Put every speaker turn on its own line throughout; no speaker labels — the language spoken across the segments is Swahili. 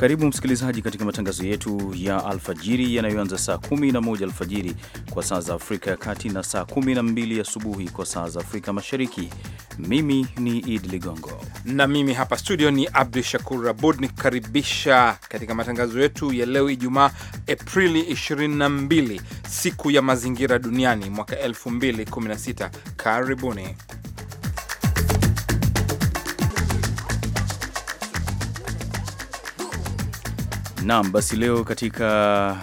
Karibu msikilizaji katika matangazo yetu ya alfajiri yanayoanza saa 11 alfajiri kwa saa za Afrika ya Kati na saa 12 asubuhi kwa saa za Afrika Mashariki. Mimi ni Idi Ligongo na mimi hapa studio
ni Abdu Shakur Abud nikikaribisha katika matangazo yetu ya leo Ijumaa Aprili 22, siku ya mazingira duniani mwaka 2016. Karibuni.
Naam, basi leo katika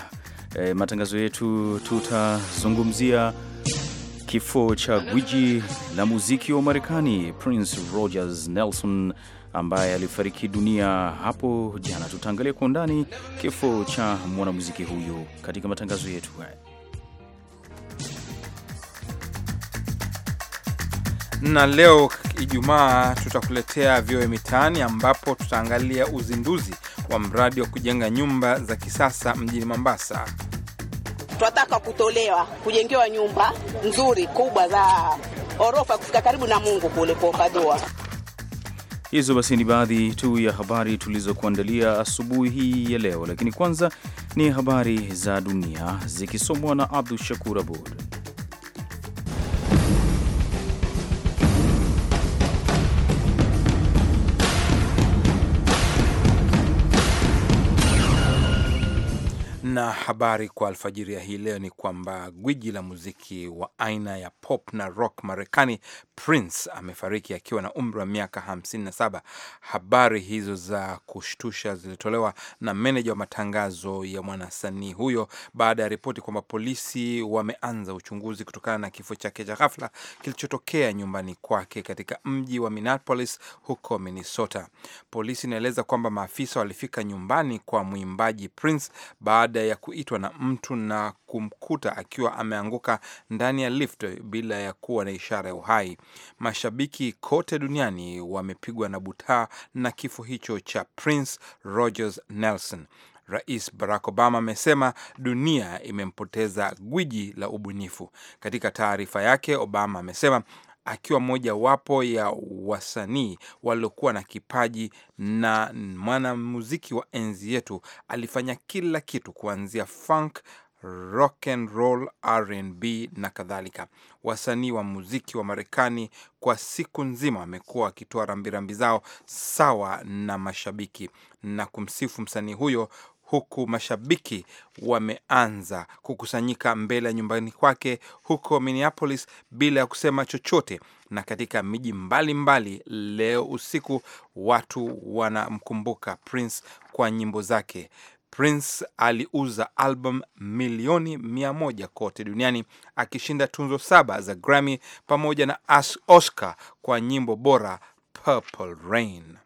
e, matangazo yetu tutazungumzia kifo cha gwiji la muziki wa Marekani Prince Rogers Nelson ambaye alifariki dunia hapo jana. Tutaangalia kwa undani kifo cha mwanamuziki huyo katika matangazo yetu haya.
Na leo Ijumaa tutakuletea vyoe mitaani ambapo tutaangalia uzinduzi wa mradi wa kujenga nyumba za kisasa mjini Mombasa.
Tunataka kutolewa kujengewa nyumba nzuri kubwa za orofa kufika karibu na Mungu kule kuokadoa.
Hizo basi ni baadhi tu ya habari tulizokuandalia asubuhi hii ya leo, lakini kwanza ni habari za dunia zikisomwa na Abdu Shakur Abud.
Na habari kwa alfajiri ya hii leo ni kwamba gwiji la muziki wa aina ya pop na rock Marekani Prince amefariki akiwa na umri wa miaka 57. Habari hizo za kushtusha zilitolewa na meneja wa matangazo ya mwanasanii huyo baada ya ripoti kwamba polisi wameanza uchunguzi kutokana na kifo chake cha ghafla kilichotokea nyumbani kwake katika mji wa Minneapolis huko Minnesota. Polisi inaeleza kwamba maafisa walifika nyumbani kwa mwimbaji Prince baada ya kuitwa na mtu na kumkuta akiwa ameanguka ndani ya lift bila ya kuwa na ishara ya uhai. Mashabiki kote duniani wamepigwa na butaa na kifo hicho cha Prince Rogers Nelson. Rais Barack Obama amesema dunia imempoteza gwiji la ubunifu. Katika taarifa yake, Obama amesema akiwa mojawapo ya wasanii waliokuwa na kipaji na mwanamuziki wa enzi yetu, alifanya kila kitu kuanzia funk rock and roll, R&B na kadhalika. Wasanii wa muziki wa Marekani kwa siku nzima wamekuwa wakitoa rambirambi zao sawa na mashabiki na kumsifu msanii huyo, huku mashabiki wameanza kukusanyika mbele ya nyumbani kwake huko Minneapolis bila ya kusema chochote. Na katika miji mbalimbali leo usiku watu wanamkumbuka Prince kwa nyimbo zake. Prince aliuza album milioni mia moja kote duniani akishinda tunzo saba za Grammy pamoja na Oscar kwa nyimbo bora Purple Rain.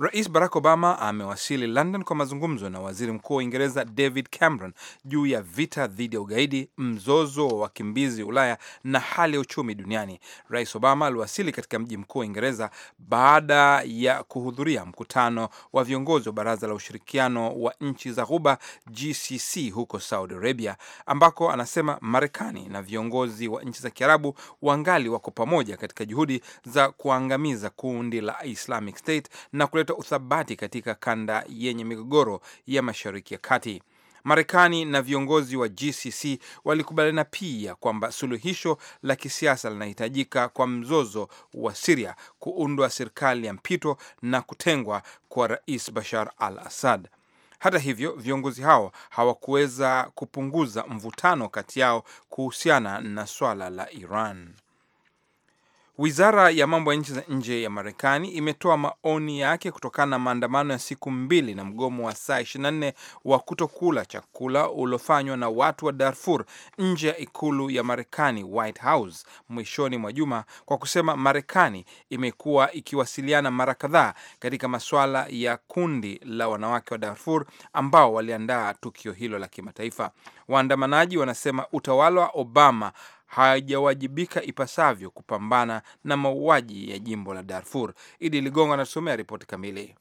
Rais Barack Obama amewasili London kwa mazungumzo na waziri mkuu wa Uingereza David Cameron juu ya vita dhidi ya ugaidi, mzozo wa wakimbizi Ulaya na hali ya uchumi duniani. Rais Obama aliwasili katika mji mkuu wa Uingereza baada ya kuhudhuria mkutano wa viongozi wa Baraza la Ushirikiano wa Nchi za Ghuba, GCC, huko Saudi Arabia, ambako anasema Marekani na viongozi wa nchi za Kiarabu wangali wako pamoja katika juhudi za kuangamiza kundi la Islamic State na kuleta kupata uthabati katika kanda yenye migogoro ya Mashariki ya Kati. Marekani na viongozi wa GCC walikubaliana pia kwamba suluhisho la kisiasa linahitajika kwa mzozo wa Siria, kuundwa serikali ya mpito na kutengwa kwa Rais Bashar al-Assad. Hata hivyo, viongozi hao hawakuweza kupunguza mvutano kati yao kuhusiana na swala la Iran. Wizara ya mambo ya nchi za nje ya Marekani imetoa maoni yake kutokana na maandamano ya siku mbili na mgomo wa saa 24 wa kutokula chakula uliofanywa na watu wa Darfur nje ya ikulu ya Marekani, White House, mwishoni mwa juma, kwa kusema Marekani imekuwa ikiwasiliana mara kadhaa katika masuala ya kundi la wanawake wa Darfur ambao waliandaa tukio hilo la kimataifa. Waandamanaji wanasema utawala wa Obama hajawajibika ipasavyo kupambana na mauaji ya jimbo la Darfur. Idi Ligongo anasomea ripoti kamili.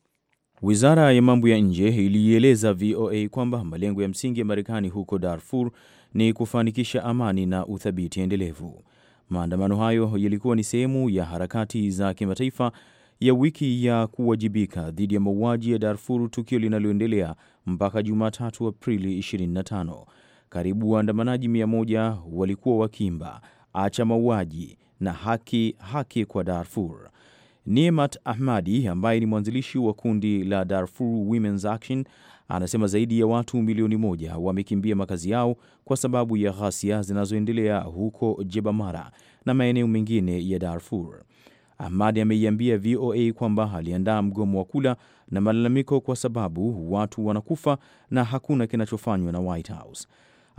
Wizara ya mambo ya nje ilieleza VOA kwamba malengo ya msingi ya Marekani huko Darfur ni kufanikisha amani na uthabiti endelevu. Maandamano hayo yalikuwa ni sehemu ya harakati za kimataifa ya wiki ya kuwajibika dhidi ya mauaji ya Darfur, tukio linaloendelea mpaka Jumatatu Aprili 25. Karibu waandamanaji mia moja walikuwa wakimba acha mauaji na haki haki kwa Darfur. Niemat Ahmadi ambaye ni mwanzilishi wa kundi la Darfur Women's Action anasema zaidi ya watu milioni moja wamekimbia makazi yao kwa sababu ya ghasia zinazoendelea huko jebamara na maeneo mengine ya Darfur. Ahmadi ameiambia VOA kwamba aliandaa mgomo wa kula na malalamiko kwa sababu watu wanakufa na hakuna kinachofanywa na White House.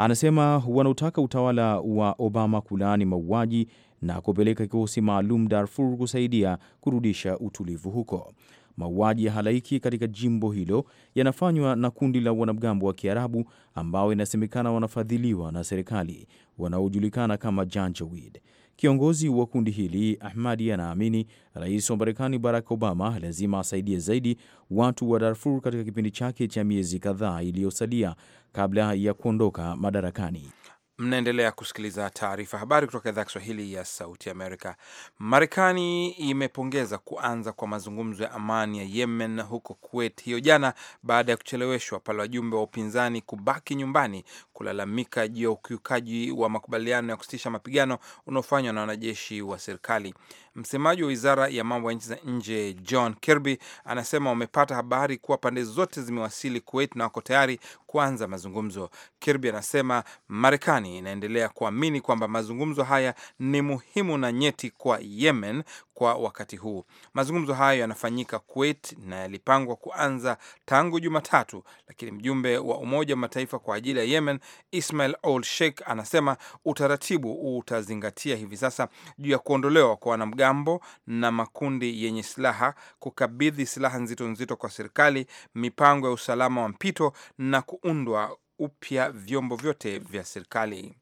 Anasema wanaotaka utawala wa Obama kulaani mauaji na kupeleka kikosi maalum Darfur kusaidia kurudisha utulivu huko. Mauaji ya halaiki katika jimbo hilo yanafanywa na kundi la wanamgambo wa Kiarabu ambao inasemekana wanafadhiliwa na serikali wanaojulikana kama Janjawid. Kiongozi wa kundi hili Ahmadi anaamini rais wa Marekani Barack Obama lazima asaidie zaidi watu wa Darfur katika kipindi chake cha miezi kadhaa iliyosalia kabla ya kuondoka madarakani.
Mnaendelea kusikiliza taarifa habari kutoka idhaa Kiswahili ya sauti Amerika. Marekani imepongeza kuanza kwa mazungumzo ya amani ya Yemen huko Kuwait hiyo jana, baada ya kucheleweshwa pale wajumbe wa upinzani kubaki nyumbani kulalamika juu ya ukiukaji wa makubaliano ya kusitisha mapigano unaofanywa na wanajeshi wa serikali. Msemaji wa wizara ya mambo ya nchi za nje John Kirby anasema wamepata habari kuwa pande zote zimewasili Kuwait na wako tayari kuanza mazungumzo. Kirby anasema Marekani Marekani inaendelea kuamini kwamba mazungumzo haya ni muhimu na nyeti kwa Yemen kwa wakati huu. Mazungumzo hayo yanafanyika Kuwait na yalipangwa kuanza tangu Jumatatu, lakini mjumbe wa Umoja wa Mataifa kwa ajili ya Yemen Ismail Old Sheikh anasema utaratibu utazingatia hivi sasa juu ya kuondolewa kwa wanamgambo na makundi yenye silaha, kukabidhi silaha nzito nzito kwa serikali, mipango ya usalama wa mpito na kuundwa upya vyombo vyote vya serikali.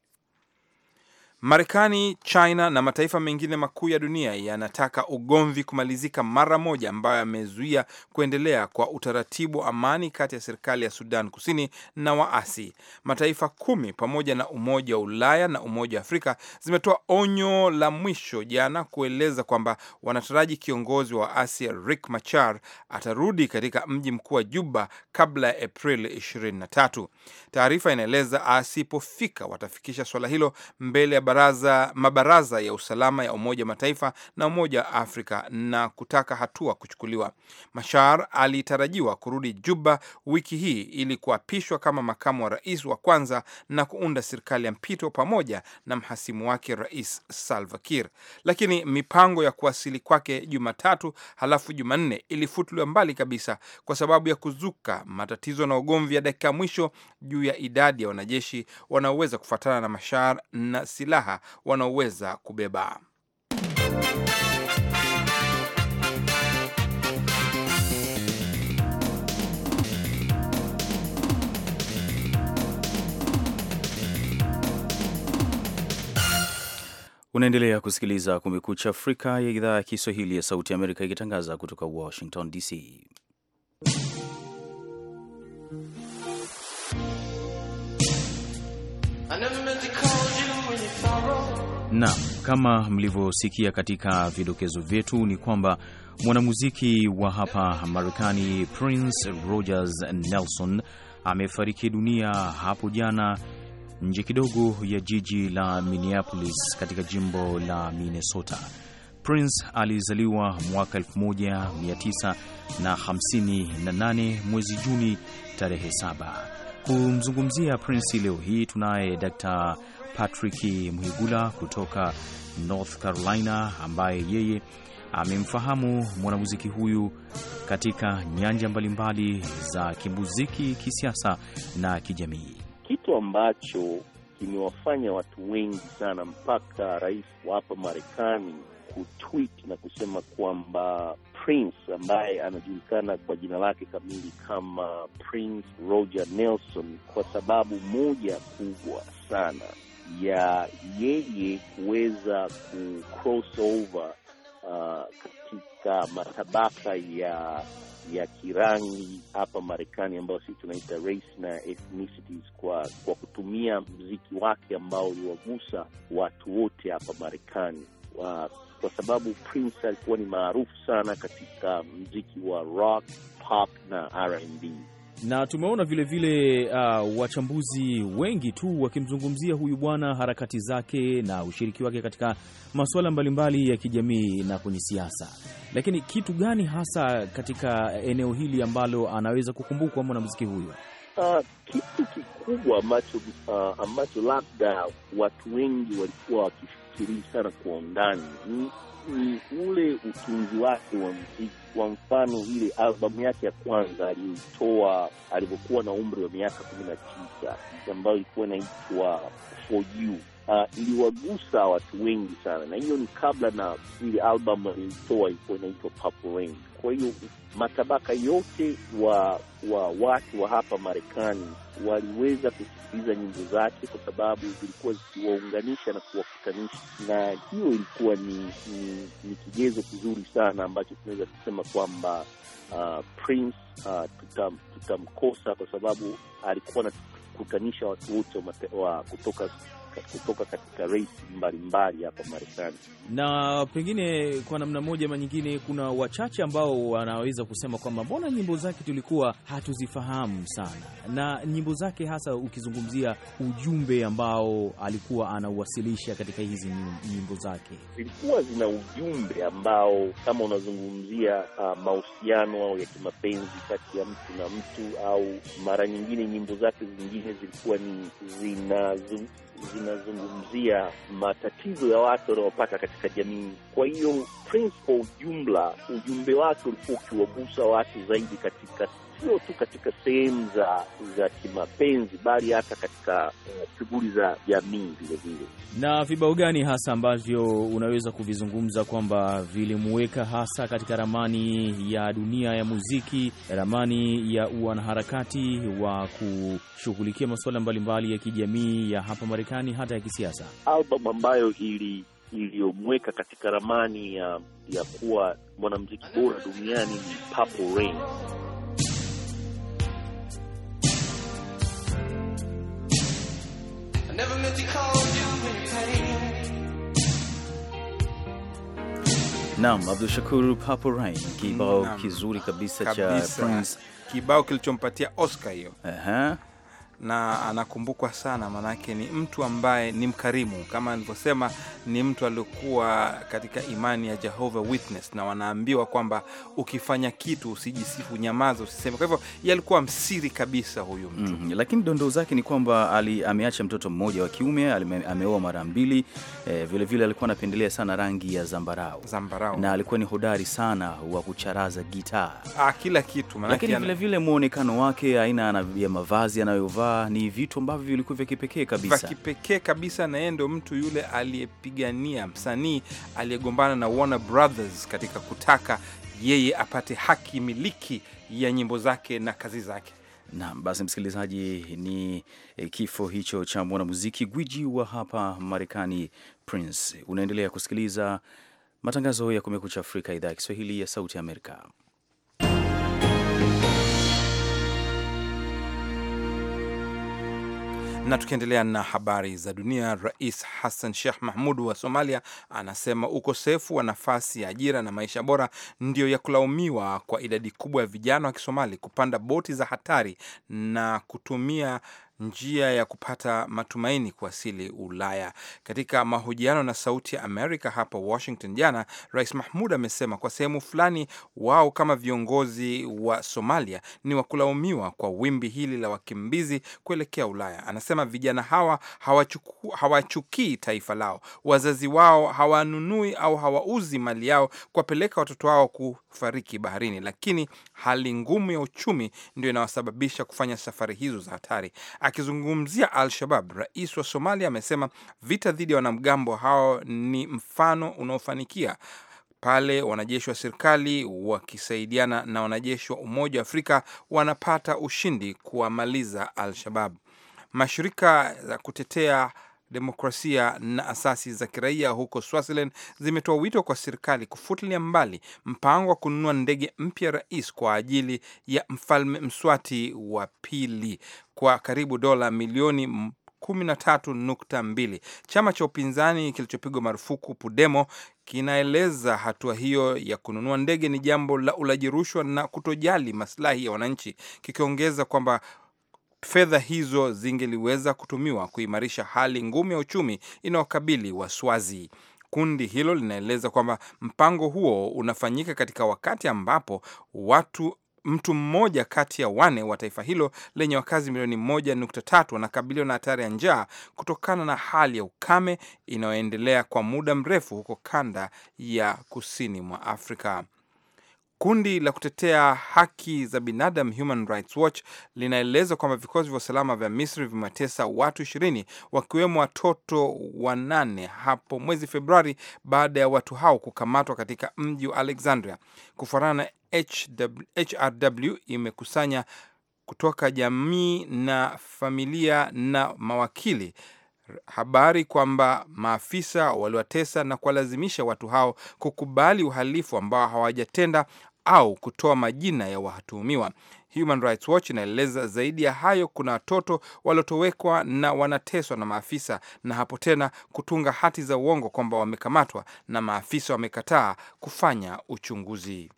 Marekani, China na mataifa mengine makuu ya dunia yanataka ugomvi kumalizika mara moja, ambayo yamezuia kuendelea kwa utaratibu wa amani kati ya serikali ya Sudan Kusini na waasi. Mataifa kumi pamoja na Umoja wa Ulaya na Umoja wa Afrika zimetoa onyo la mwisho jana kueleza kwamba wanataraji kiongozi wa waasi Rick Machar atarudi katika mji mkuu wa Juba kabla ya Aprili 23. Taarifa inaeleza asipofika watafikisha swala hilo mbele ya baraza, mabaraza ya usalama ya Umoja Mataifa na Umoja wa Afrika na kutaka hatua kuchukuliwa. Mashar alitarajiwa kurudi Juba wiki hii ili kuapishwa kama makamu wa rais wa kwanza na kuunda serikali ya mpito pamoja na mhasimu wake Rais Salva Kiir, lakini mipango ya kuwasili kwake Jumatatu halafu Jumanne ilifutuliwa mbali kabisa kwa sababu ya kuzuka matatizo na ugomvi ya dakika mwisho juu ya idadi ya wanajeshi wanaoweza kufuatana na Mashar na silaha silaha wanaoweza kubeba.
Unaendelea kusikiliza Kumekucha Afrika ya idhaa ya Kiswahili ya Sauti Amerika ikitangaza kutoka Washington DC. Naam, kama mlivyosikia katika vidokezo vyetu ni kwamba mwanamuziki wa hapa Marekani Prince Rogers Nelson amefariki dunia hapo jana nje kidogo ya jiji la Minneapolis katika jimbo la Minnesota. Prince alizaliwa mwaka 1958 mwezi Juni tarehe 7. Kumzungumzia Prince leo hii tunaye Dr. Patrick Muhigula kutoka North Carolina, ambaye yeye amemfahamu mwanamuziki huyu katika nyanja mbalimbali za kimuziki, kisiasa na kijamii,
kitu ambacho kimewafanya watu wengi sana mpaka rais wa hapa Marekani kutweet na kusema kwamba Prince ambaye anajulikana kwa jina lake kamili kama Prince Roger Nelson, kwa sababu moja kubwa sana ya yeye kuweza ku cross over uh, katika matabaka ya ya kirangi hapa Marekani ambayo sisi tunaita race na ethnicities, kwa kwa kutumia mziki wake ambao uliwagusa watu wote hapa Marekani uh, kwa sababu Prince alikuwa ni maarufu sana katika mziki wa rock, pop na R&B
na tumeona vilevile uh, wachambuzi wengi tu wakimzungumzia huyu bwana, harakati zake na ushiriki wake katika masuala mbalimbali ya kijamii na kwenye siasa. Lakini kitu gani hasa katika eneo hili ambalo anaweza kukumbukwa mwanamuziki huyu? Uh,
kitu kikubwa ambacho uh, ambacho labda watu wengi walikuwa wakifikirii sana kwa undani ni, ni ule utunzi wake wa muziki kwa mfano ile albamu yake ya kwanza aliyoitoa alivyokuwa na umri wa miaka kumi na tisa ambayo ilikuwa inaitwa For You. Uh, iliwagusa watu wengi sana, na hiyo ni kabla na ile albamu aliyoitoa ilikuwa inaitwa Purple Rain. Kwa hiyo matabaka yote wa, wa watu wa hapa Marekani waliweza kusikiliza nyimbo zake kwa sababu zilikuwa zikiwaunganisha na kuwakutanisha, na hiyo ilikuwa ni, ni, ni kigezo kizuri sana ambacho tunaweza kusema kwamba uh, Prince uh, tutamkosa tuta kwa sababu alikuwa anakutanisha watu wote wa, wa kutoka kutoka katika race mbalimbali hapa Marekani.
Na pengine kwa namna moja ama nyingine, kuna wachache ambao wanaweza kusema kwamba mbona nyimbo zake tulikuwa hatuzifahamu sana, na nyimbo zake hasa ukizungumzia ujumbe ambao alikuwa anauwasilisha katika hizi nyimbo
zake, zilikuwa zina ujumbe ambao kama unazungumzia uh, mahusiano au ya kimapenzi kati ya mtu na mtu, au mara nyingine nyimbo zake zingine zilikuwa ni zina, zina anazungumzia matatizo ya watu wanaopata katika jamii. Kwa hiyo Prince kwa ujumla, ujumbe wake ulikuwa ukiwagusa watu zaidi katika sio tu katika sehemu za za kimapenzi, bali hata katika eh, shughuli uh, za jamii vilevile.
Na vibao gani hasa ambavyo unaweza kuvizungumza kwamba vilimuweka hasa katika ramani ya dunia ya muziki, ramani ya wanaharakati wa kushughulikia masuala mbalimbali ya kijamii ya hapa Marekani, hata ya kisiasa?
Albamu ambayo ili iliyomweka katika ramani ya ya kuwa mwanamuziki bora duniani ni Purple Rain. never meant to cause you any pain.
Naam, Abdul Shakur, Papo Rain, kibao kizuri kabisa, kabisa cha Prince,
kibao kilichompatia Oscar hiyo.
Uh -huh na
anakumbukwa sana, maanake ni mtu ambaye ni mkarimu. Kama alivyosema ni mtu aliokuwa katika imani ya Jehovah Witness, na wanaambiwa kwamba ukifanya kitu usijisifu, nyamaza, usiseme. Kwa hivyo yeye alikuwa msiri kabisa huyu
mtu mm -hmm. Lakini dondoo zake ni kwamba ali, ameacha mtoto mmoja wa kiume, ameoa mara mbili vilevile. Eh, vile alikuwa anapendelea sana rangi ya zambarau, zambarau, na alikuwa ni hodari sana wa kucharaza gitaa,
ah, kila kitu, lakini
vilevile muonekano wake, aina ya mavazi anayovaa ni vitu ambavyo vilikuwa vya kipekee kabisa, vya
kipekee kabisa. Na yeye ndo mtu yule aliyepigania, msanii aliyegombana na Warner Brothers katika kutaka yeye apate haki miliki ya nyimbo zake na kazi zake.
Naam, basi msikilizaji, ni eh, kifo hicho cha mwanamuziki gwiji wa hapa Marekani Prince. Unaendelea kusikiliza matangazo ya Kumekucha Afrika, idhaa ya Kiswahili ya Sauti ya Amerika.
Na tukiendelea na habari za dunia, Rais Hassan Sheikh Mahmud wa Somalia anasema ukosefu wa nafasi ya ajira na maisha bora ndiyo ya kulaumiwa kwa idadi kubwa ya vijana wa Kisomali kupanda boti za hatari na kutumia njia ya kupata matumaini kuwasili Ulaya. Katika mahojiano na Sauti ya Amerika hapa Washington jana, Rais Mahmud amesema kwa sehemu fulani wao kama viongozi wa Somalia ni wakulaumiwa kwa wimbi hili la wakimbizi kuelekea Ulaya. Anasema vijana hawa hawachukii hawachuki taifa lao, wazazi wao hawanunui au hawauzi mali yao kuwapeleka watoto wao kufariki baharini, lakini hali ngumu ya uchumi ndio inawasababisha kufanya safari hizo za hatari. Akizungumzia Al-Shabab, rais wa Somalia amesema vita dhidi ya wanamgambo hao ni mfano unaofanikia pale wanajeshi wa serikali wakisaidiana na wanajeshi wa Umoja wa Afrika wanapata ushindi kuwamaliza Al-Shabab. Mashirika ya kutetea demokrasia na asasi za kiraia huko Swaziland zimetoa wito kwa serikali kufutilia mbali mpango wa kununua ndege mpya rais kwa ajili ya mfalme Mswati wa pili kwa karibu dola milioni 13.2. Chama cha upinzani kilichopigwa marufuku Pudemo kinaeleza hatua hiyo ya kununua ndege ni jambo la ulaji rushwa na kutojali maslahi ya wananchi, kikiongeza kwamba fedha hizo zingeliweza kutumiwa kuimarisha hali ngumu ya uchumi inayokabili Waswazi. Kundi hilo linaeleza kwamba mpango huo unafanyika katika wakati ambapo watu mtu mmoja kati ya wane wa taifa hilo lenye wakazi milioni moja nukta tatu wanakabiliwa na hatari ya njaa kutokana na hali ya ukame inayoendelea kwa muda mrefu huko kanda ya kusini mwa Afrika. Kundi la kutetea haki za binadamu Human Rights Watch linaeleza kwamba vikosi vya usalama vya Misri vimewatesa watu ishirini wakiwemo watoto wanane hapo mwezi Februari baada ya watu hao kukamatwa katika mji wa Alexandria. Kufuatana na HRW imekusanya kutoka jamii na familia na mawakili habari kwamba maafisa waliwatesa na kuwalazimisha watu hao kukubali uhalifu ambao hawajatenda au kutoa majina ya watuhumiwa. Human Rights Watch inaeleza zaidi ya hayo, kuna watoto waliotowekwa na wanateswa na maafisa, na hapo tena kutunga hati za uongo kwamba wamekamatwa, na maafisa wamekataa kufanya uchunguzi.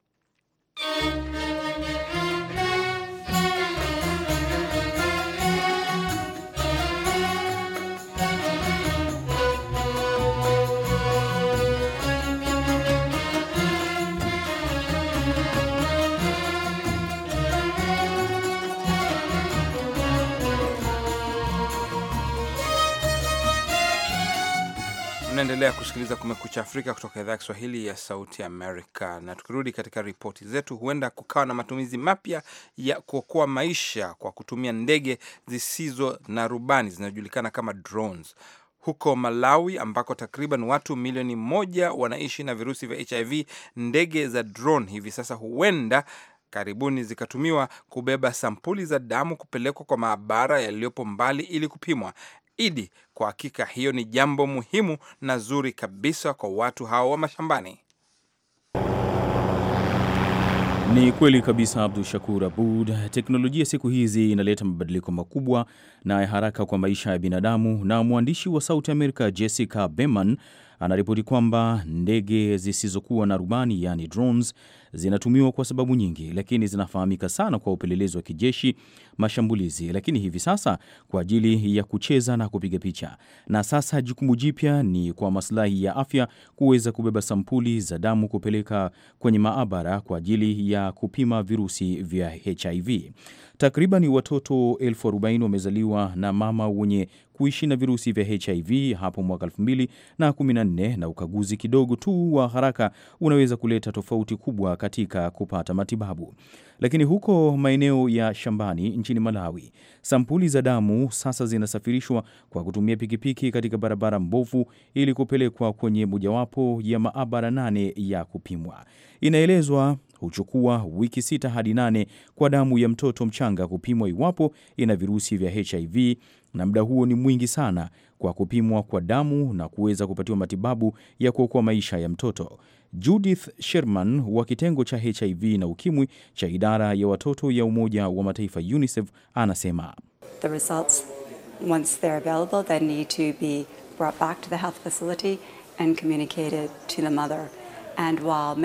Unaendelea kusikiliza Kumekucha Afrika kutoka idhaa ya Kiswahili ya Sauti Amerika. Na tukirudi katika ripoti zetu, huenda kukawa na matumizi mapya ya kuokoa maisha kwa kutumia ndege zisizo na rubani zinazojulikana kama drones huko Malawi ambako takriban watu milioni moja wanaishi na virusi vya HIV. Ndege za drone hivi sasa huenda karibuni zikatumiwa kubeba sampuli za damu kupelekwa kwa maabara yaliyopo mbali ili kupimwa. Idi, kwa hakika hiyo ni jambo muhimu na zuri kabisa kwa watu hao wa mashambani.
Ni kweli kabisa, Abdu Shakur Abud. Teknolojia siku hizi inaleta mabadiliko makubwa na ya haraka kwa maisha ya binadamu, na mwandishi wa Sauti Amerika Jessica Berman anaripoti kwamba ndege zisizokuwa na rubani, yani drones, zinatumiwa kwa sababu nyingi, lakini zinafahamika sana kwa upelelezi wa kijeshi, mashambulizi, lakini hivi sasa kwa ajili ya kucheza na kupiga picha. Na sasa jukumu jipya ni kwa maslahi ya afya kuweza kubeba sampuli za damu kupeleka kwenye maabara kwa ajili ya kupima virusi vya HIV. Takriban watoto elfu arobaini wamezaliwa na mama wenye kuishi na virusi vya HIV hapo mwaka 2014 na ukaguzi kidogo tu wa haraka unaweza kuleta tofauti kubwa katika kupata matibabu. Lakini huko maeneo ya shambani nchini Malawi, sampuli za damu sasa zinasafirishwa kwa kutumia pikipiki katika barabara mbovu ili kupelekwa kwenye mojawapo ya maabara nane ya kupimwa. Inaelezwa huchukua wiki sita hadi nane kwa damu ya mtoto mchanga kupimwa iwapo ina virusi vya HIV na muda huo ni mwingi sana kwa kupimwa kwa damu na kuweza kupatiwa matibabu ya kuokoa maisha ya mtoto. Judith Sherman wa kitengo cha HIV na ukimwi cha idara ya watoto ya Umoja wa Mataifa UNICEF anasema
the results, once they're available, they need to be brought back to the health facility and communicated to the mother.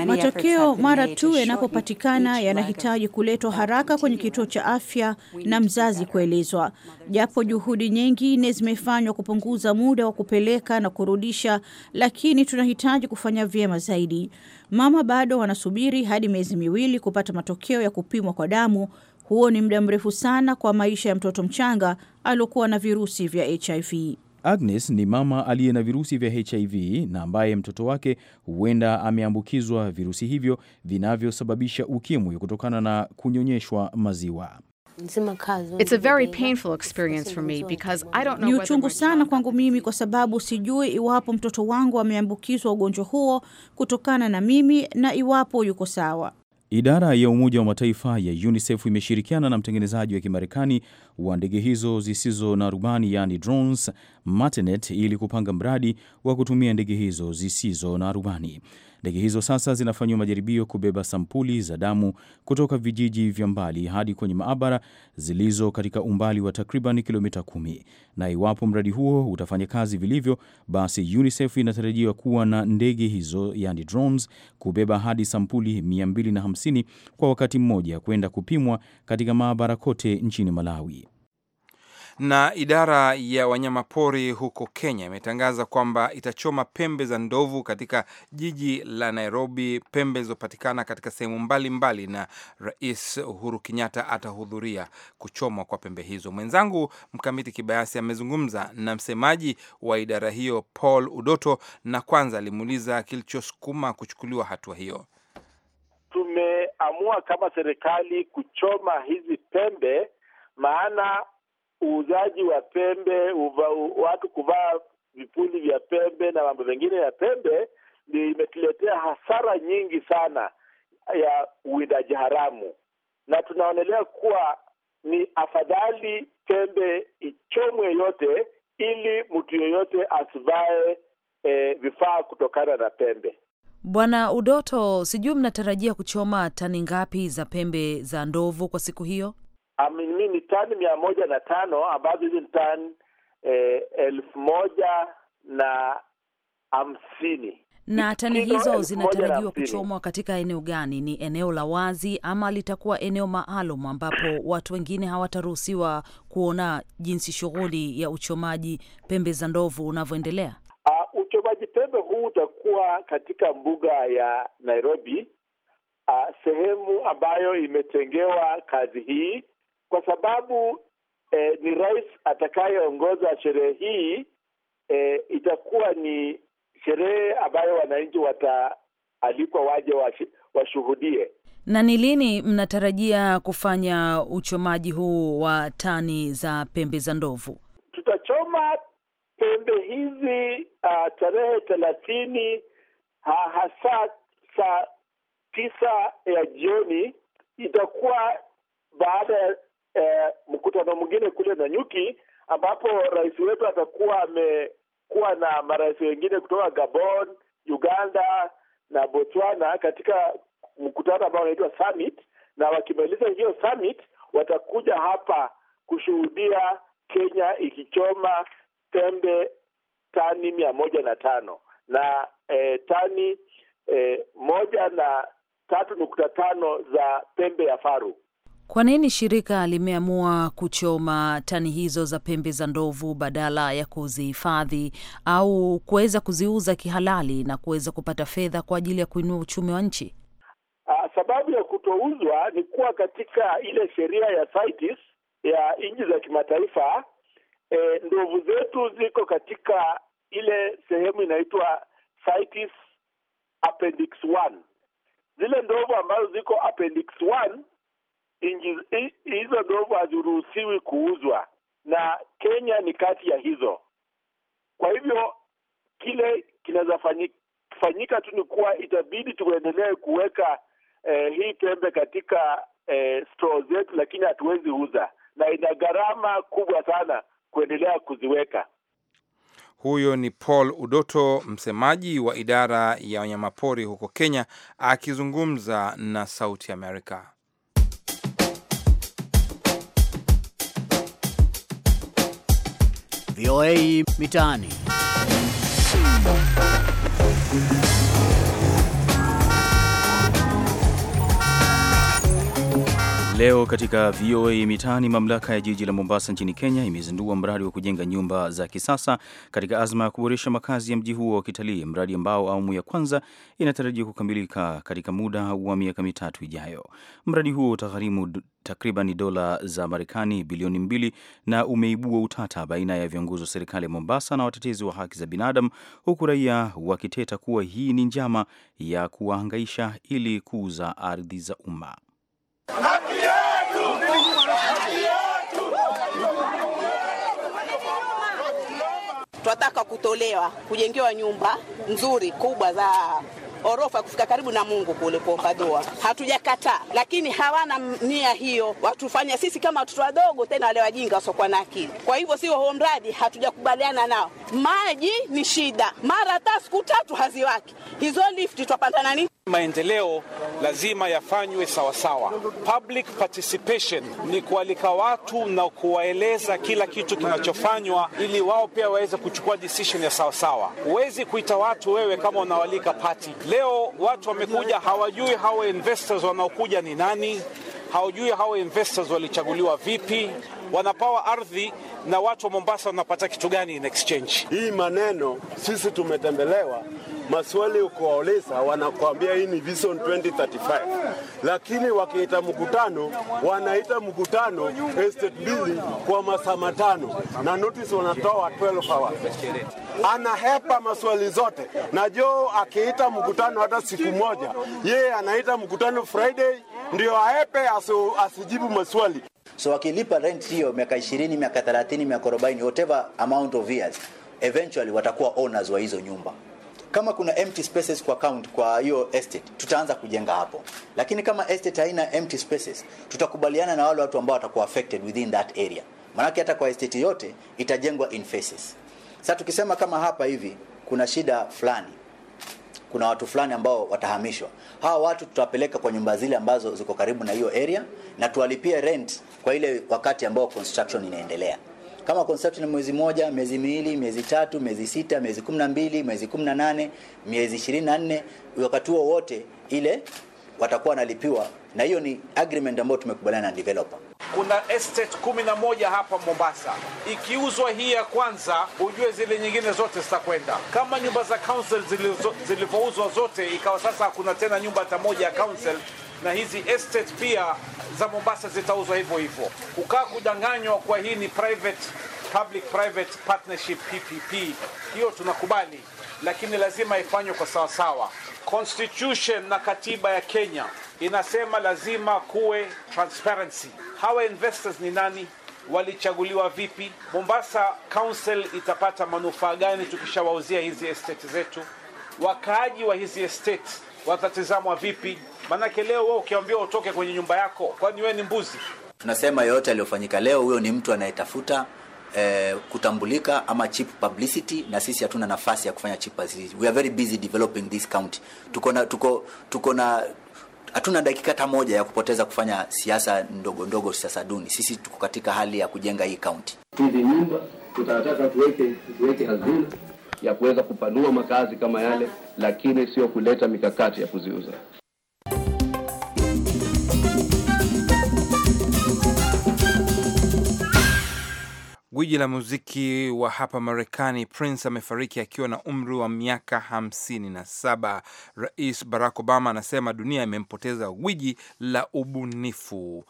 Matokeo mara tu
yanapopatikana yanahitaji kuletwa haraka kwenye kituo cha afya na mzazi kuelezwa. Japo juhudi nyingine zimefanywa kupunguza muda wa kupeleka na kurudisha, lakini tunahitaji kufanya vyema zaidi. Mama bado wanasubiri hadi miezi miwili kupata matokeo ya kupimwa kwa damu. Huo ni muda mrefu sana kwa maisha ya mtoto mchanga aliokuwa na virusi vya HIV.
Agnes ni mama aliye na virusi vya HIV na ambaye mtoto wake huenda ameambukizwa virusi hivyo vinavyosababisha ukimwi kutokana na kunyonyeshwa maziwa.
Ni uchungu sana kwangu mimi kwa sababu sijui iwapo mtoto wangu ameambukizwa ugonjwa huo kutokana na mimi na iwapo yuko sawa.
Idara ya Umoja wa Mataifa ya UNICEF imeshirikiana na mtengenezaji wa Kimarekani wa ndege hizo zisizo na rubani yani drones, matenet ili kupanga mradi wa kutumia ndege hizo zisizo na rubani. Ndege hizo sasa zinafanyiwa majaribio kubeba sampuli za damu kutoka vijiji vya mbali hadi kwenye maabara zilizo katika umbali wa takriban kilomita kumi. Na iwapo mradi huo utafanya kazi vilivyo, basi UNICEF inatarajiwa kuwa na ndege hizo yani drones kubeba hadi sampuli 250 kwa wakati mmoja kwenda kupimwa katika maabara kote nchini Malawi.
Na idara ya wanyamapori huko Kenya imetangaza kwamba itachoma pembe za ndovu katika jiji la Nairobi, pembe zilizopatikana katika sehemu mbalimbali, na Rais Uhuru Kenyatta atahudhuria kuchomwa kwa pembe hizo. Mwenzangu Mkamiti Kibayasi amezungumza na msemaji wa idara hiyo Paul Udoto, na kwanza alimuuliza kilichosukuma kuchukuliwa hatua hiyo.
Tumeamua kama serikali kuchoma hizi pembe, maana uuzaji wa pembe uva, u, watu kuvaa vipuli vya pembe na mambo mengine ya pembe ni imetuletea hasara nyingi sana ya uwindaji haramu, na tunaonelea kuwa ni afadhali pembe ichomwe yote ili mtu yoyote asivae e, vifaa kutokana na pembe.
Bwana Udoto, sijui mnatarajia kuchoma tani ngapi za pembe za ndovu kwa siku hiyo?
ni tani mia moja na tano ambazo hizi ni tani eh, elfu moja na hamsini
na tani hizo zinatarajiwa kuchomwa katika eneo gani? Ni eneo la wazi ama litakuwa eneo maalum ambapo watu wengine hawataruhusiwa kuona jinsi shughuli ya uchomaji pembe za ndovu unavyoendelea? Uh, uchomaji
pembe huu utakuwa katika mbuga ya Nairobi, uh, sehemu ambayo imetengewa kazi hii kwa sababu eh, ni rais atakayeongoza sherehe hii eh, itakuwa ni sherehe ambayo wananchi wataalikwa waje washuhudie.
Na ni lini mnatarajia kufanya uchomaji huu wa tani za pembe za ndovu?
Tutachoma pembe hizi uh, tarehe thelathini ha, hasa saa tisa ya jioni. Itakuwa baada ya eh, mkutano mwingine kule Nanyuki ambapo rais wetu atakuwa amekuwa na marais wengine kutoka Gabon, Uganda na Botswana katika mkutano ambao unaitwa summit, na wakimaliza hiyo summit watakuja hapa kushuhudia Kenya ikichoma tembe tani mia moja na tano na eh, tani eh, moja na tatu nukta tano za pembe ya faru.
Kwa nini shirika limeamua kuchoma tani hizo za pembe za ndovu badala ya kuzihifadhi au kuweza kuziuza kihalali na kuweza kupata fedha kwa ajili ya kuinua uchumi wa nchi?
Uh, sababu ya kutouzwa ni kuwa katika ile sheria ya CITES ya nchi za kimataifa e, ndovu zetu ziko katika ile sehemu inaitwa CITES Appendix 1. Zile ndovu ambazo ziko Appendix 1 hizo ndovu haziruhusiwi kuuzwa, na Kenya ni kati ya hizo. Kwa hivyo kile kinaweza fanyika tu ni kuwa itabidi tuendelee kuweka eh, hii pembe katika eh, store zetu, lakini hatuwezi uza na ina gharama kubwa sana kuendelea kuziweka.
Huyo ni Paul Udoto, msemaji wa idara ya wanyamapori huko Kenya, akizungumza na Sauti america
VOA Mitaani.
Leo katika VOA Mitaani, mamlaka ya jiji la Mombasa nchini Kenya imezindua mradi wa kujenga nyumba za kisasa katika azma ya kuboresha makazi ya mji huo wa kitalii, mradi ambao awamu ya kwanza inatarajia kukamilika katika muda wa miaka mitatu ijayo. Mradi huo utagharimu takriban dola za Marekani bilioni mbili na umeibua utata baina ya viongozi wa serikali ya Mombasa na watetezi wa haki za binadamu, huku raia wakiteta kuwa hii ni njama ya kuwahangaisha ili kuuza ardhi za umma.
Twataka kutolewa kujengewa nyumba nzuri kubwa za orofa kufika karibu na Mungu kule kuomba dua. Hatujakataa, lakini hawana nia hiyo, watufanya sisi kama watoto wadogo, tena wale wajinga wasiokuwa na akili. Kwa hivyo sio huo mradi, hatujakubaliana nao. Maji ni shida, mara hata siku tatu haziwaki hizo lifti, twapanda nani?
Maendeleo lazima yafanywe sawasawa. Public participation ni kualika watu na kuwaeleza kila kitu kinachofanywa, ili wao pia waweze kuchukua decision ya sawasawa. Huwezi kuita watu wewe kama unawalika party. Leo watu wamekuja, hawajui hawa investors wanaokuja ni nani haujui hawa investors walichaguliwa vipi, wanapawa ardhi na watu wa Mombasa wanapata kitu gani in exchange. Hii maneno sisi tumetembelewa maswali ukuwauliza, wanakuambia hii ni Vision 2035, lakini wakiita mkutano wanaita mkutano estate bili kwa masaa matano na notice wanatoa 12 hours. Anahepa maswali zote, na Joe
akiita mkutano hata siku moja, yeye anaita mkutano Friday ndio aepe asu, asijibu maswali. So wakilipa rent hiyo miaka 20, miaka 30, miaka 40, whatever amount of years, eventually watakuwa owners wa hizo nyumba. Kama kuna empty spaces kwa account kwa hiyo estate, tutaanza kujenga hapo, lakini kama estate haina empty spaces, tutakubaliana na wale watu ambao watakuwa affected within that area, maanake hata kwa estate yote itajengwa in phases. Sasa tukisema kama hapa hivi kuna shida fulani kuna watu fulani ambao watahamishwa. Hawa watu tutawapeleka kwa nyumba zile ambazo ziko karibu na hiyo area na tuwalipie rent kwa ile wakati ambao construction inaendelea kama construction mwezi moja, miezi miwili, miezi tatu, miezi sita, miezi kumi na mbili, miezi kumi na nane, miezi ishirini na nne, wakati huo wote ile watakuwa wanalipiwa, na hiyo ni agreement ambayo tumekubaliana na developer
kuna estate kumi na moja hapa Mombasa. Ikiuzwa hii ya kwanza, ujue zile nyingine zote zitakwenda kama nyumba za council zilivyouzwa zote, ikawa sasa hakuna tena nyumba hata moja ya council na hizi estate pia za Mombasa zitauzwa hivyo hivyo. Kukaa kudanganywa kwa hii ni private public private partnership PPP, hiyo tunakubali, lakini lazima ifanywe kwa sawasawa. Constitution na katiba ya Kenya inasema lazima kuwe transparency. Hawa investors ni nani? Walichaguliwa vipi? Mombasa Council itapata manufaa gani tukishawauzia hizi estate zetu? Wakaaji wa hizi estate watatizamwa vipi? Maanake leo wewe ukiambiwa utoke kwenye nyumba yako,
kwani wewe ni mbuzi? Tunasema yoyote aliyofanyika leo, huyo ni mtu anayetafuta eh, kutambulika ama cheap publicity, na sisi hatuna nafasi ya kufanya cheap publicity. We are very busy developing this county. Tuko na tuko tuko na hatuna dakika hata moja ya kupoteza kufanya siasa ndogo ndogo, siasa duni. Sisi tuko katika hali ya kujenga hii kaunti. Hizi nyumba tutataka tuweke, tuweke hazina ya kuweza kupanua makazi kama yale, lakini sio kuleta mikakati ya kuziuza.
Gwiji la muziki wa hapa Marekani, Prince amefariki akiwa na umri wa miaka hamsini na saba. Rais Barack Obama anasema dunia imempoteza gwiji la ubunifu.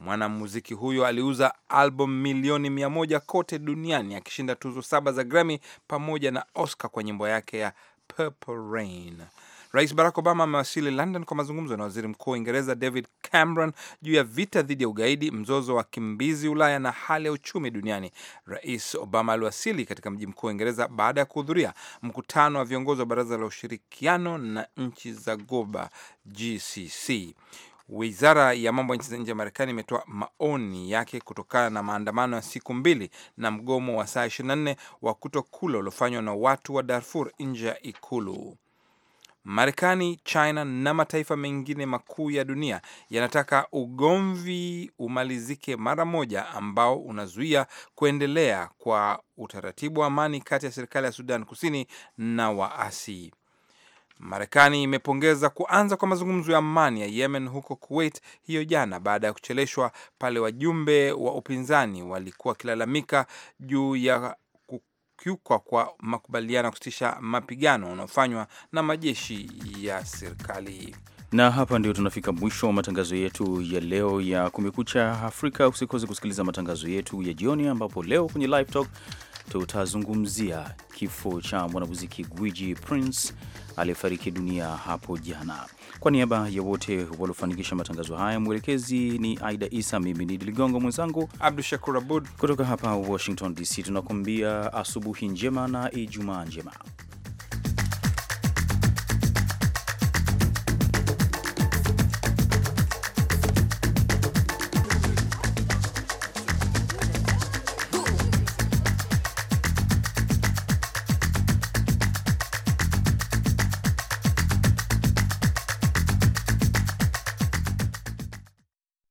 Mwanamuziki huyo aliuza albamu milioni mia moja kote duniani akishinda tuzo saba za Grammy pamoja na Oscar kwa nyimbo yake ya Purple Rain. Rais Barack Obama amewasili London kwa mazungumzo na waziri mkuu wa Uingereza David Cameron juu ya vita dhidi ya ugaidi, mzozo wa wakimbizi Ulaya na hali ya uchumi duniani. Rais Obama aliwasili katika mji mkuu wa Uingereza baada ya kuhudhuria mkutano wa viongozi wa Baraza la Ushirikiano na Nchi za Goba, GCC. Wizara ya mambo ya nchi za nje ya Marekani imetoa maoni yake kutokana na maandamano ya siku mbili na mgomo wa saa 24 wa kutokula uliofanywa na watu wa Darfur nje ya ikulu. Marekani, China na mataifa mengine makuu ya dunia yanataka ugomvi umalizike mara moja, ambao unazuia kuendelea kwa utaratibu wa amani kati ya serikali ya Sudan Kusini na waasi. Marekani imepongeza kuanza kwa mazungumzo ya amani ya Yemen huko Kuwait hiyo jana, baada ya kucheleshwa pale wajumbe wa upinzani walikuwa wakilalamika juu ya kukiukwa kwa makubaliano ya kusitisha mapigano yanayofanywa na majeshi ya serikali.
Na hapa ndio tunafika mwisho wa matangazo yetu ya leo ya Kumekucha Afrika. Usikose kusikiliza matangazo yetu ya jioni, ambapo leo kwenye Live Talk tutazungumzia kifo cha mwanamuziki Gwiji Prince aliyefariki dunia hapo jana. Kwa niaba ya wote waliofanikisha matangazo haya, mwelekezi ni Aida Isa, mimi ni Ligongo, mwenzangu Abdu Shakur Abud kutoka hapa Washington DC. Tunakuambia asubuhi njema na Ijumaa njema.